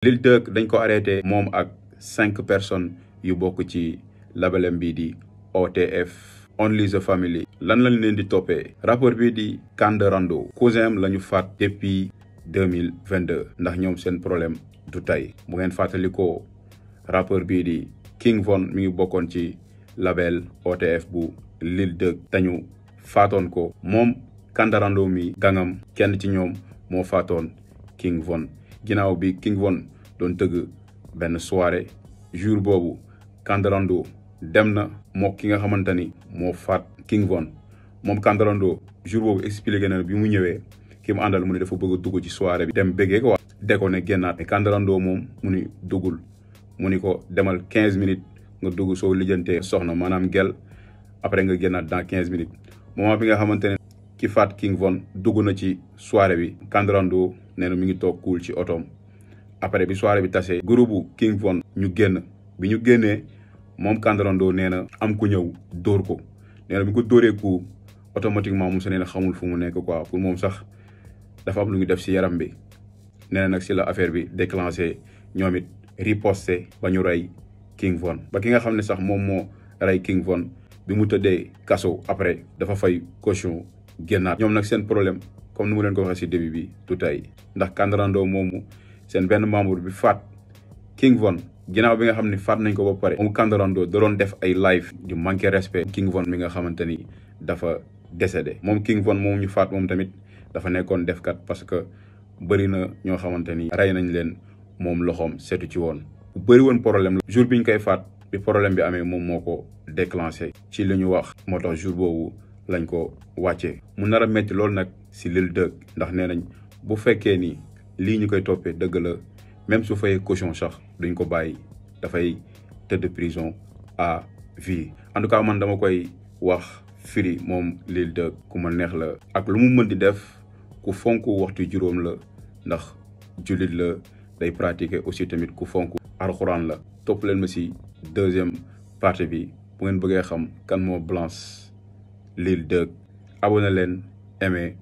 Lil Durk dañ ko arrêté moom ak cinq personnes yu bokk ci labelam bii di OTF Only the Family lan lañ leen di toppee rapport bii di Kande Rando cousin la ñu faat depuis deux mille vingt deux ndax ñoom seen problème du tey bu ngeen fàttalikoo rapport bii di King Von mi bokkoon ci label OTF bu Lil Durk tañu faatoon ko moom Kande Rando mi gangam kenn ci ñoom moo faatoon King Von ginnaaw bi King Von doon tëgg benn soirée jour boobu Kandarandoo dem na moo ki nga xamante ni moo faat King Von moom Kandarandoo jour boobu expliqué na bi mu ñëwee ki mu àndal mu ne dafa bëgg dugg ci soirée bi dem bëggee ko de ko ne génnaat mais Kandarandoo moom mu duggul mu ni ko demal quinze minutes nga dugg soo lijjantee soxna maanaam gel après nga génnaat dans quinze minutes moment bi nga xamante ki faat King Von dugg na ci soirée bi Kandarandoo nee na mi ngi toog kuul ci otoom après bi soirée bi tasee groupe King Von ñu génn bi ñu génnee moom Kandarandoo nee na am ku ñëw dóor ko bi ko dóoree ku automatiquement moom sa nee xamul fu mu nekk quoi pour moom sax dafa am lu ñu def si yaram bi nee nag si la affaire bi déclenché ñoom it riposté ba ñu rey King Von ba ki nga xam ne sax moom moo rey King Von bi mu tëddee kaso après dafa fay caution génnaat ñoom nag seen problème comme ni mu leen ko waxee si début bi du tey ndax Kandarandoo moomu seen benn membre bi faat King Von ginnaaw bi nga xam ni faat nañ ko ba pare moom Kandarandoo da def ay live di manqué respect King Von mi nga xamante ni dafa décédé moom King Von moom ñu faat moom tamit dafa nekkoon defkat parce que bëri na ñoo xamante ni rey nañ leen moom loxoom seetu ci woon bu bëri woon problème jour bi ñu koy faat bi problème bi amee moom moo ko déclenché ci li ñu wax moo jour boobu lañ ko wàccee mu nar a métti loolu nag si lil dëkk ndax nee nañ bu fekkee ni lii ñu koy toppee dëgg la même su fay caution sax duñ ko bàyyi dafay tëdd prison à vie en tout cas man dama koy wax firi moom lil dëkk ku ma neex la ak lu mu mën di def ku fonku waxtu juróom la ndax jullit la day pratiquer aussi tamit ku fonku alxuraan la topp leen ma si deuxième partie bi bu ngeen bëggee xam kan moo Blanche Lille 2 abonné leen aimé